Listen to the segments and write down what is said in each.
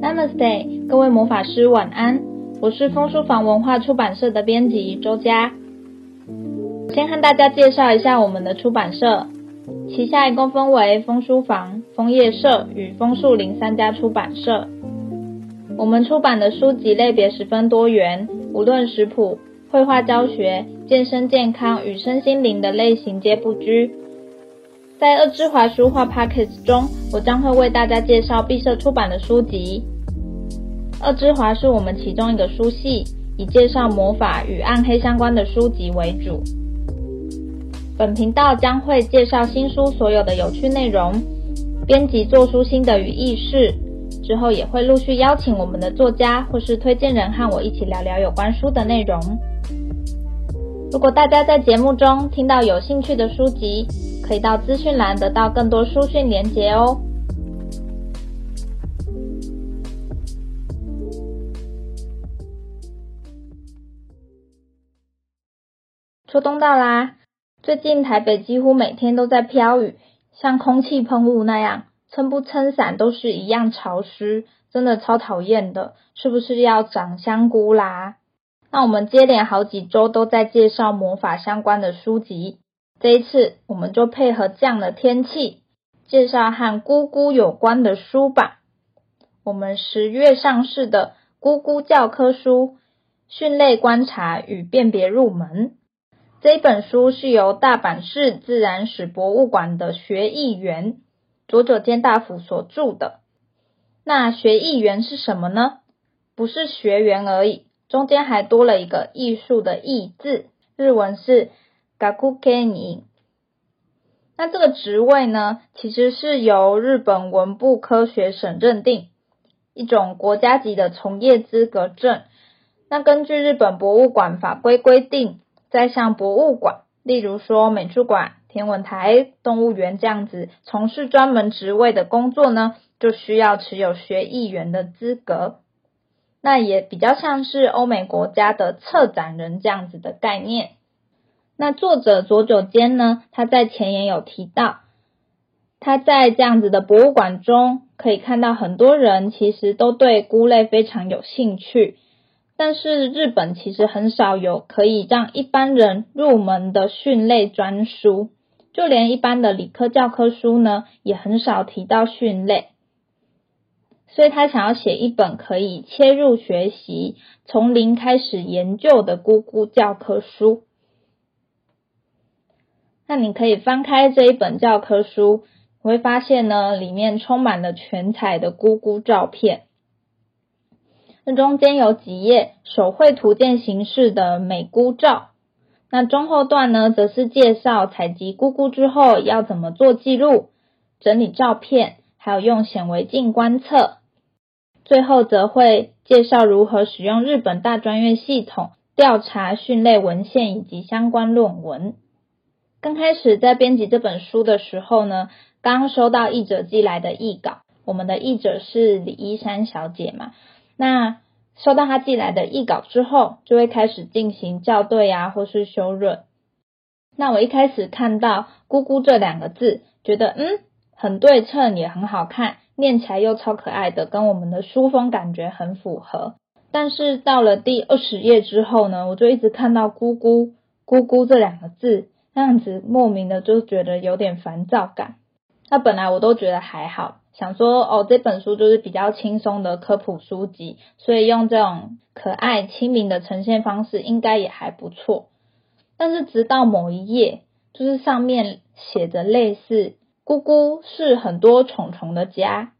Namaste，各位魔法師晚安。我是楓書坊文化出版社的編輯周佳。先和大家介紹一下我們的出版社，旗下一共分為楓書坊、楓葉社與楓樹林三家出版社。我們出版的書籍類別十分多元，無論食譜、繪畫教學、健身健康與身心靈的類型皆不拘。在惡之華書話 Podcast 中，我將會為大家介紹敝社出版的書籍。惡之華是我們其中一個書系，以介紹魔法與暗黑相關的書籍為主。本頻道將會介紹新書所有的有趣內容，編輯做書心得與軼事，之後也會陸續邀請我們的作家或是推薦人和我一起聊聊有關書的內容。如果大家在節目中聽到有興趣的書籍，可以到資訊欄得到更多書訊連結哦。秋冬到啦，最近台北幾乎每天都在飄雨，像空氣噴霧那樣，撐不撐傘都是一樣潮濕，真的超討厭的，是不是要長香菇啦？那我們接連好幾周都在介紹魔法相關的書籍。這一次，我們就配合這樣的天氣，介紹和菇菇有關的書吧。我們十月上市的《菇菇教科書：蕈類觀察與辨別入門》這一本書是由大阪市自然史博物館的學藝員佐久間大輔所著的。那學藝員是什麼呢？不是學員而已，中間還多了一個藝術的藝字，日文是。ガクケイニ。那這個職位呢，其實是由日本文部科學省認定一種國家級的從業資格證。那根據日本博物館法規規定，在像博物館，例如說美術館、天文台、動物園這樣子從事專門職位的工作呢，就需要持有學藝員的資格。那也比較像是歐美國家的策展人這樣子的概念。那作者佐久間呢，他在前言有提到，他在這樣子的博物館中，可以看到很多人其實都對菇類非常有興趣，但是日本其實很少有可以讓一般人入門的蕈類專書，就連一般的理科教科書呢，也很少提到蕈類，所以他想要寫一本可以切入學習、從零開始研究的菇菇教科書。那你可以翻開這一本教科書，你會發現呢，裡面充滿了全彩的菇菇照片。那中間有幾頁手繪圖鑑形式的美菇照。那中後段呢，則是介紹採集菇菇之後要怎麼做記錄、整理照片，還有用顯微鏡觀測。最後則會介紹如何使用日本大專業系統調查蕈類文獻以及相關論文。剛開始在編輯這本書的時候呢，剛，剛收到譯者寄來的譯稿，我們的譯者是李依山小姐嘛。那收到她寄來的譯稿之後，就會開始進行校對啊，或是修潤。那我一開始看到“菇菇”這兩個字，覺得嗯，很對稱，也很好看，念起來又超可愛的，跟我們的書風感覺很符合。但是到了第二十頁之後呢，我就一直看到菇菇“菇菇”“菇菇”這兩個字。那樣子莫名的就覺得有點煩躁感。那本來我都覺得還好，想說哦，這本書就是比較輕鬆的科普書籍，所以用這種可愛親民的呈現方式應該也還不錯。但是直到某一頁，就是上面寫着類似“菇菇是很多蟲蟲的家”，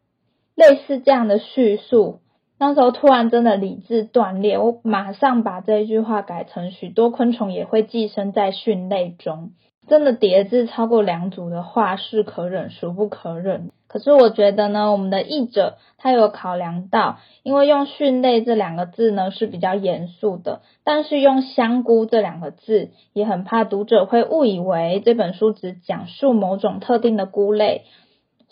類似這樣的敘述。那時候突然真的理智斷裂，我馬上把這一句話改成許多昆蟲也會寄生在蕈類中。真的疊字超過兩組的話是可忍，孰不可忍？可是我覺得呢，我們的譯者他有考量到，因為用蕈類這兩個字呢是比較嚴肅的，但是用香菇這兩個字也很怕讀者會誤以為這本書只講述某種特定的菇類。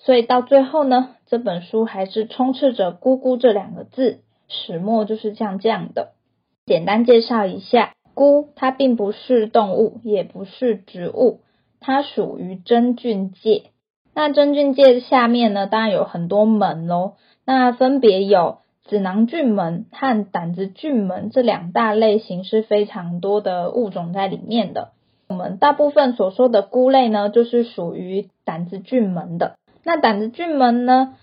所以到最後呢，這本書還是充斥着“菇菇”這兩個字，始末就是像這樣的。簡單介紹一下，菇它並不是動物，也不是植物，它屬於真菌界。那真菌界下面呢，當然有很多門咯，那分別有子囊菌門和擔子菌門這兩大類型，是非常多的物種在裡面的。我們大部分所說的菇類呢，就是屬於擔子菌門的。那擔子菌門呢，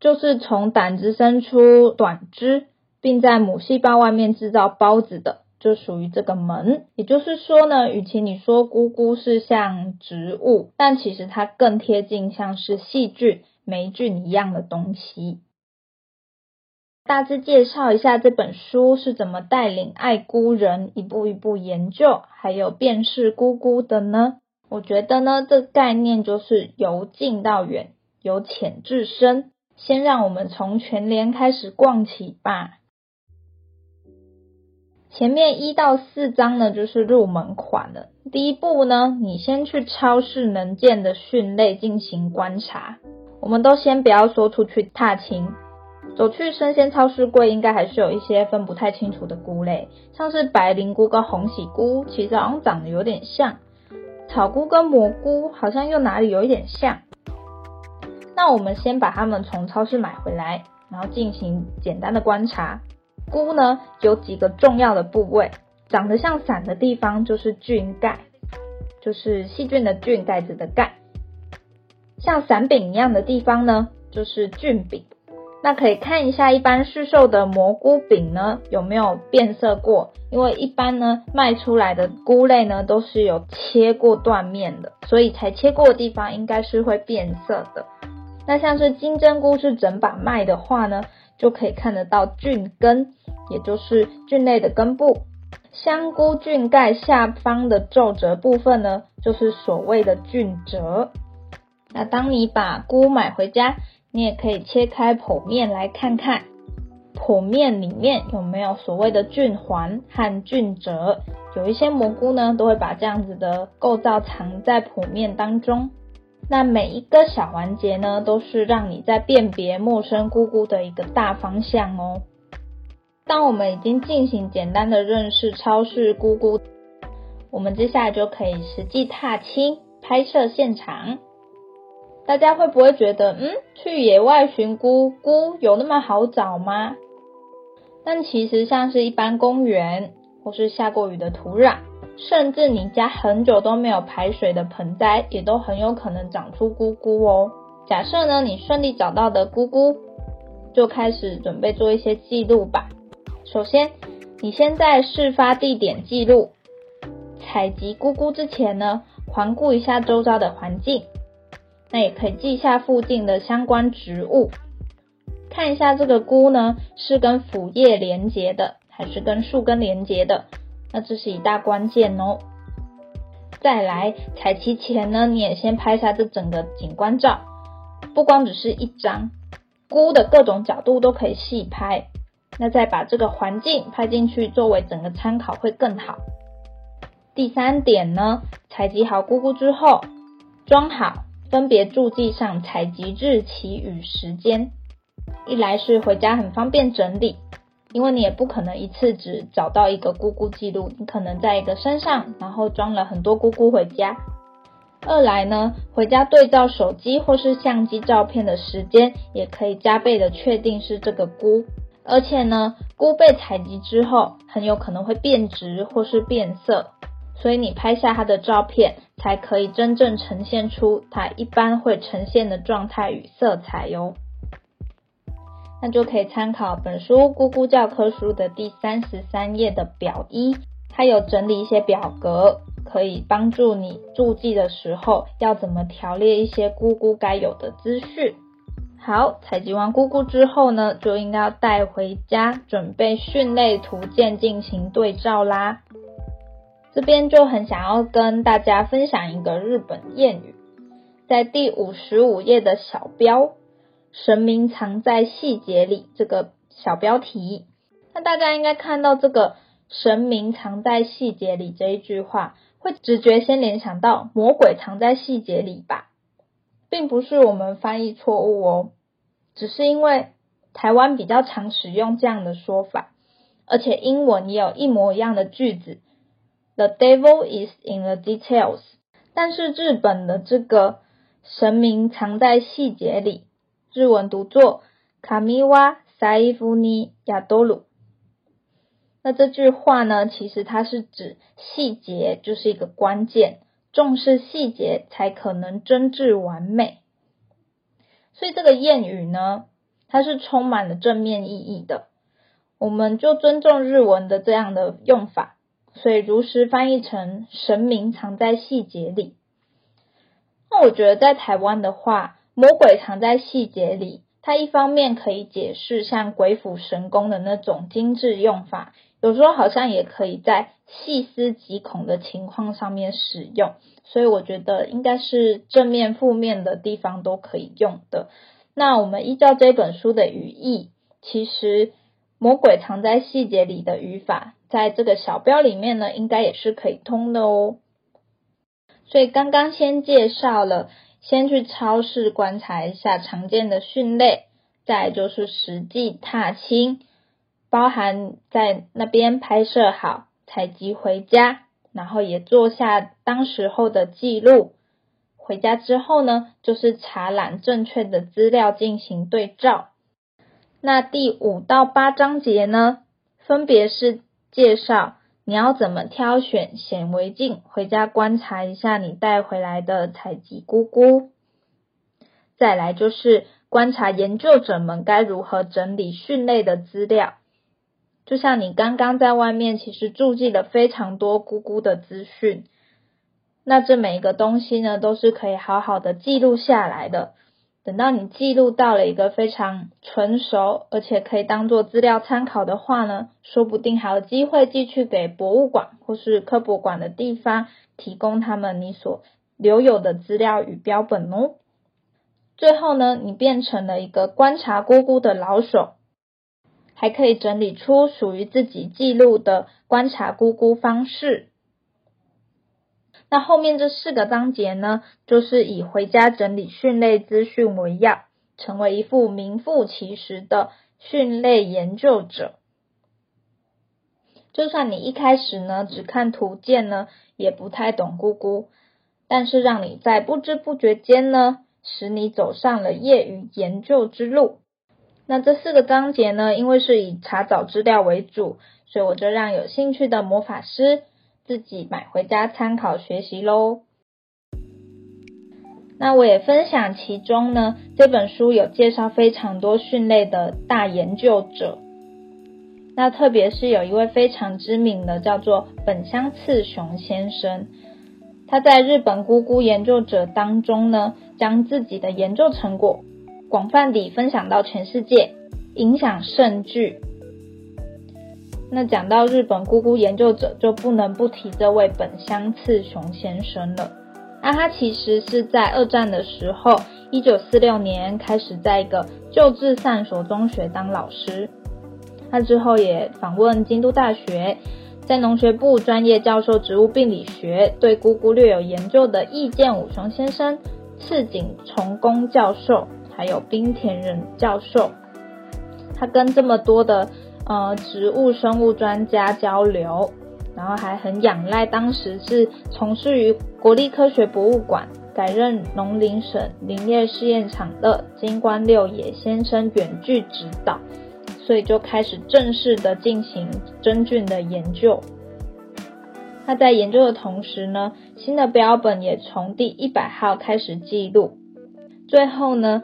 就是從擔子伸出短枝，並在母細胞外面製造孢子的，就屬於這個門。也就是說呢，與其你說菇菇是像植物，但其實它更貼近像是細菌、黴菌一樣的東西。大致介紹一下這本書是怎麼帶領愛菇人一步一步研究，還有辨識菇菇的呢？我覺得呢，這概念就是由近到遠。由淺至深，先讓我們從全聯開始逛起吧。前面一到四章呢，就是入門款了。第一步呢，你先去超市能見的蕈類進行觀察。我們都先不要說出去踏青，走去生鮮超市櫃，應該還是有一些分不太清楚的菇類，像是白靈菇跟鴻喜菇，其實好像長得有點像。草菇跟蘑菇好像又哪裡有一點像。那我們先把它們從超市買回來，然後進行簡單的觀察。菇呢，有幾個重要的部位，長得像傘的地方就是菌蓋，就是細菌的菌蓋子的蓋。像傘柄一樣的地方呢，就是菌柄。那可以看一下一般市售的蘑菇柄呢，有沒有變色過，因為一般呢賣出來的菇類呢都是有切過斷面的，所以才切過的地方應該是會變色的。那像是金針菇是整把賣的話呢，就可以看得到菌根，也就是菌類的根部。香菇菌蓋下方的皺褶部分呢，就是所謂的菌褶。那當你把菇買回家，你也可以切開剖面來看看，剖面裡面有沒有所謂的菌環和菌褶。有一些蘑菇呢，都會把這樣子的構造藏在剖面當中。那每一個小環節呢，都是讓你在辨別陌生菇菇的一個大方向哦。當我們已經進行簡單的認識超市菇菇，我們接下來就可以實際踏青、拍攝現場。大家會不會覺得，嗯，去野外尋菇菇有那麼好找嗎？但其實像是一般公園。或是下過雨的土壤，甚至你家很久都沒有排水的盆栽，也都很有可能長出菇菇哦。假設呢，你順利找到的菇菇，就開始準備做一些記錄吧。首先，你先在事發地點記錄，採集菇菇之前呢，環顧一下周遭的環境，那也可以記下附近的相關植物，看一下這個菇呢是跟腐葉連接的。還是跟樹根連接的，那這是一大關鍵哦。再來採集前呢，你也先拍下這整個景觀照，不光只是一張，菇的各種角度都可以細拍，那再把這個環境拍進去作為整個參考會更好。第三點呢，採集好菇菇之後，裝好，分別注記上採集日期與時間，一來是回家很方便整理，因為你也不可能一次只找到一個菇菇記錄，你可能在一個山上，然後裝了很多菇菇回家。二來呢，回家對照手機或是相機照片的時間，也可以加倍的確定是這個菇。而且呢，菇被採集之後，很有可能會變質或是變色，所以你拍下它的照片，才可以真正呈現出它一般會呈現的狀態與色彩喲、哦。那就可以參考本書《菇菇教科書》的第三十三頁的表一，它有整理一些表格，可以幫助你注記的時候要怎麼條列一些菇菇該有的資訊。好，採集完菇菇之後呢，就應該要帶回家準備蕈類圖鑑進行對照啦。這邊就很想要跟大家分享一個日本諺語，在第五十五頁的小標。神明藏在細節裡，這個小標題，那大家應該看到這個“神明藏在細節裡”這一句話，會直覺先聯想到“魔鬼藏在細節裡”吧，並不是我們翻譯錯誤哦，只是因為台灣比較常使用這樣的說法，而且英文也有一模一樣的句子：“The devil is in the details”，但是日本的這個“神明藏在細節裡”。日文讀作卡米瓦塞伊夫尼亞多魯。那這句話呢，其實它是指細節就是一個關鍵，重視細節才可能臻至完美。所以這個諺語呢，它是充滿了正面意義的。我們就尊重日文的這樣的用法，所以如實翻譯成“神明藏在細節裡”。那我覺得在台灣的話，魔鬼藏在細節裡，它一方面可以解釋像鬼斧神工的那種精緻用法，有時候好像也可以在細思極恐的情況上面使用，所以我覺得應該是正面、負面的地方都可以用的。那我們依照這本書的語義，其實魔鬼藏在細節裡的語法，在這個小標裡面呢，應該也是可以通的哦。所以剛剛先介紹了。先去超市觀察一下常見的蕈類，再就是實際踏青，包含在那邊拍攝好、採集回家，然後也做下當時候的記錄。回家之後呢，就是查覽正確的資料進行對照。那第五到八章節呢，分別是介紹。你要怎麼挑選顯微鏡？回家觀察一下你帶回來的採集菇菇。再來就是觀察研究者們該如何整理蕈類的資料。就像你剛剛在外面，其實註記了非常多菇菇的資訊。那這每一個東西呢，都是可以好好的記錄下來的。等到你記錄到了一個非常純熟，而且可以當做資料參考的話呢，說不定還有機會寄去給博物館或是科博館的地方，提供他們你所留有的資料與標本哦。最後呢，你變成了一個觀察菇菇的老手，還可以整理出屬於自己記錄的觀察菇菇方式。那後面這四個章節呢，就是以回家整理蕈類資訊為要，成為一副名副其實的蕈類研究者。就算你一開始呢，只看圖鑑呢，也不太懂菇菇，但是讓你在不知不覺間呢，使你走上了業餘研究之路。那這四個章節呢，因為是以查找資料為主，所以我就讓有興趣的魔法師。自己買回家參考學習嘍。那我也分享其中呢，這本書有介紹非常多蕈類的大研究者，那特別是有一位非常知名的叫做本鄉次雄先生，他在日本菇菇研究者當中呢，將自己的研究成果廣泛地分享到全世界，影響甚巨。那講到日本菇菇研究者，就不能不提這位本鄉次雄先生了。那他其實是在二戰的時候，一九四六年開始在一個舊制善所中學當老師。他之後也訪問京都大學，在農學部專業教授植物病理學，對菇菇略有研究的易建武雄先生、赤井重工教授，還有濱田人教授，他跟這麼多的。呃，植物生物專家交流，然後還很仰賴當時是從事於國立科學博物館，改任農林省林業試驗場的金關六野先生遠距指導，所以就開始正式的進行真菌的研究。那在研究的同時呢，新的標本也從第一百號開始記錄，最後呢。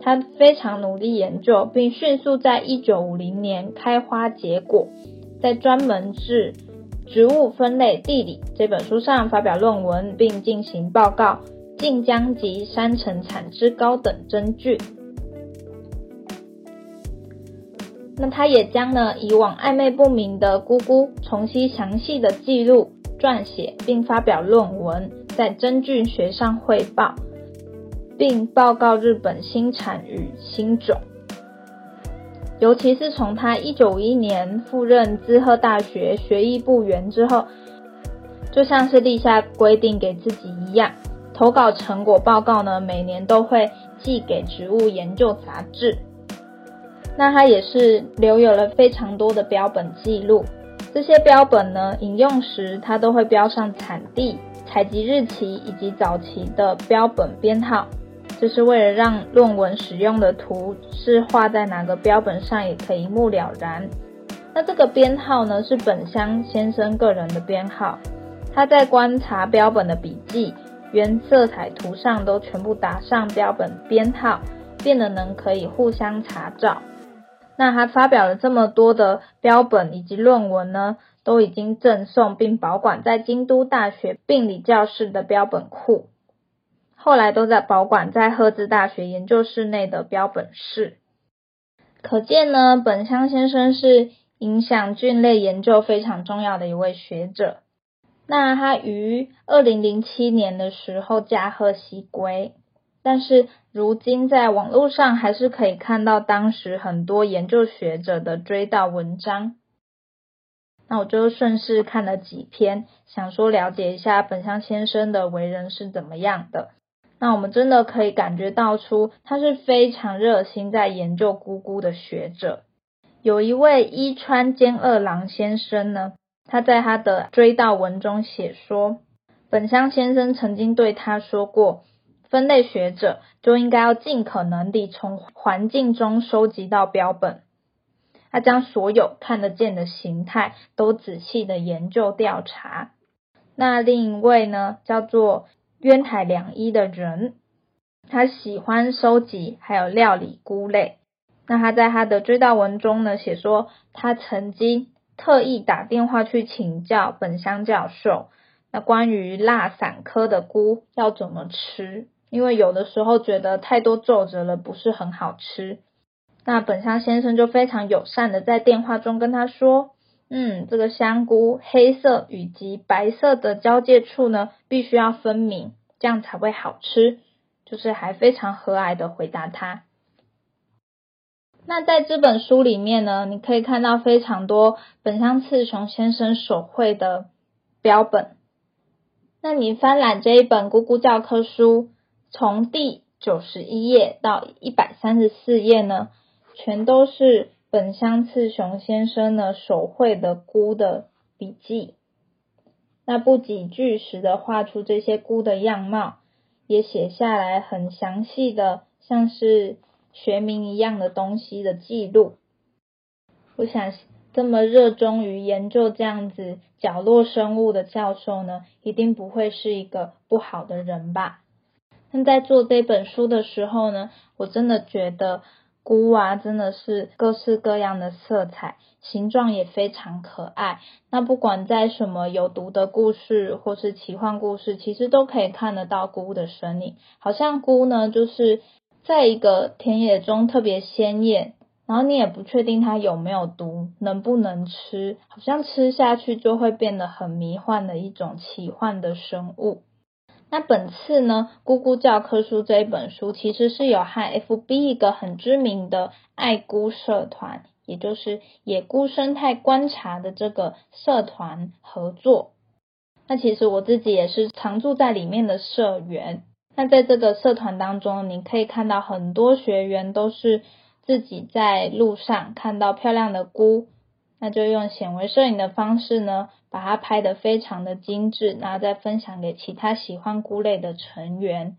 他非常努力研究，並迅速在一九五零年開花結果，在專門治植物分類地理這本書上發表論文，並進行報告，近江及山城產之高等真菌。那他也將呢以往曖昧不明的菇菇重新詳細的記錄、撰寫，並發表論文，在真菌學上匯報。並報告日本新產與新種，尤其是從他一九五一年赴任滋賀大學學藝部員之後，就像是立下規定給自己一樣，投稿成果報告呢，每年都會寄給《植物研究》雜誌。那他也是留有了非常多的標本記錄，這些標本呢，引用時他都會標上產地、採集日期以及早期的標本編號。就是為了讓論文使用的圖是畫在哪個標本上，也可以一目了然。那這個編號呢，是本鄉先生個人的編號。他在觀察標本的筆記、原色彩圖上都全部打上標本編號，變得能可以互相查找。那他發表了這麼多的標本以及論文呢，都已經贈送並保管在京都大學病理教室的標本庫。後來都在保管在赫茲大學研究室內的標本室，可見呢，本鄉先生是影響菌類研究非常重要的一位學者。那他於二零零七年的時候駕鶴西歸，但是如今在網絡上還是可以看到當時很多研究學者的追悼文章。那我就順勢看了幾篇，想說了解一下本鄉先生的為人是怎麼樣的。那我們真的可以感覺到出，他是非常熱心在研究菇菇的學者。有一位伊川兼二郎先生呢，他在他的追悼文中寫說，本鄉先生曾經對他說過，分類學者就應該要盡可能地從環境中收集到標本，他將所有看得見的形態都仔細地研究調查。那另一位呢，叫做。淵海良醫的人，他喜歡收集還有料理菇類。那他在他的追悼文中呢，寫說，他曾經特意打電話去請教本鄉教授，那關於蠟傘科的菇要怎麼吃，因為有的時候覺得太多皺褶了不是很好吃。那本鄉先生就非常友善地在電話中跟他說。嗯，這個香菇黑色以及白色的交界處呢，必須要分明，這樣才會好吃。就是還非常和藹的回答他。那在這本書裡面呢，你可以看到非常多本鄉次雄先生手繪的標本。那你翻覽這一本《菇菇教科書》，從第九十一頁到一百三十四頁呢，全都是。本鄉次雄先生呢，手繪的菇的筆記，那不僅據實的畫出這些菇的樣貌，也寫下來很詳細的，像是學名一樣的東西的記錄。我想，這麼熱衷於研究這樣子角落生物的教授呢，一定不會是一個不好的人吧？那在做這本書的時候呢，我真的覺得。菇啊，真的是各式各樣的色彩，形狀也非常可愛。那不管在什麼有毒的故事，或是奇幻故事，其實都可以看得到菇的身影。好像菇呢，就是在一個田野中特別鮮豔，然後你也不確定它有沒有毒，能不能吃。好像吃下去就會變得很迷幻的一種奇幻的生物。那本次呢，《菇菇教科書》這一本書其實是有和 FB 一個很知名的愛菇社團，也就是野菇生態觀察的這個社團合作。那其實我自己也是常住在裡面的社員。那在這個社團當中，你可以看到很多學員都是自己在路上看到漂亮的菇。那就用顯微攝影的方式呢，把它拍得非常的精致，然後再分享給其他喜歡菇類的成員。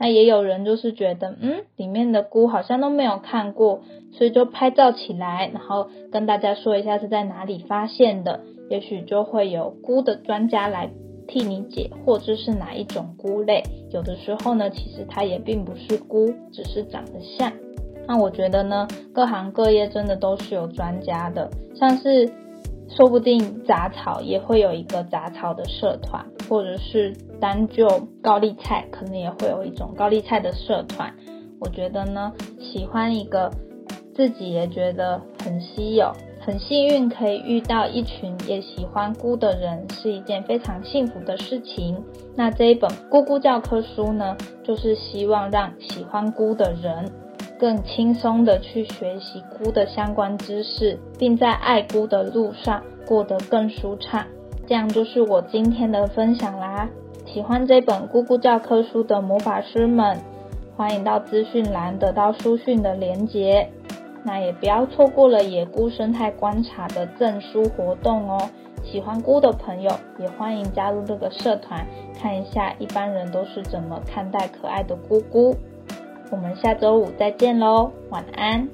那也有人就是覺得，嗯，裡面的菇好像都沒有看過，所以就拍照起來，然後跟大家說一下是在哪裡發現的，也許就會有菇的專家來替你解惑，這是哪一種菇類。有的時候呢，其實它也並不是菇，只是長得像。那我覺得呢，各行各業真的都是有專家的。像是，說不定雜草也會有一個雜草的社團，或者是單就高麗菜，可能也會有一種高麗菜的社團。我覺得呢，喜歡一個自己也覺得很稀有、很幸運可以遇到一群也喜歡菇的人，是一件非常幸福的事情。那這一本《菇菇教科書》呢，就是希望讓喜歡菇的人，更輕鬆的去學習菇的相關知識，並在愛菇的路上過得更舒暢。這樣就是我今天的分享啦。喜歡這本《菇菇教科書》的魔法師們，歡迎到資訊欄得到書訊的連接。那也不要錯過了野菇生態觀察的贈書活動哦。喜歡菇的朋友，也歡迎加入這個社團，看一下一般人都是怎麼看待可愛的菇菇。我們下周五再見嘍，晚安。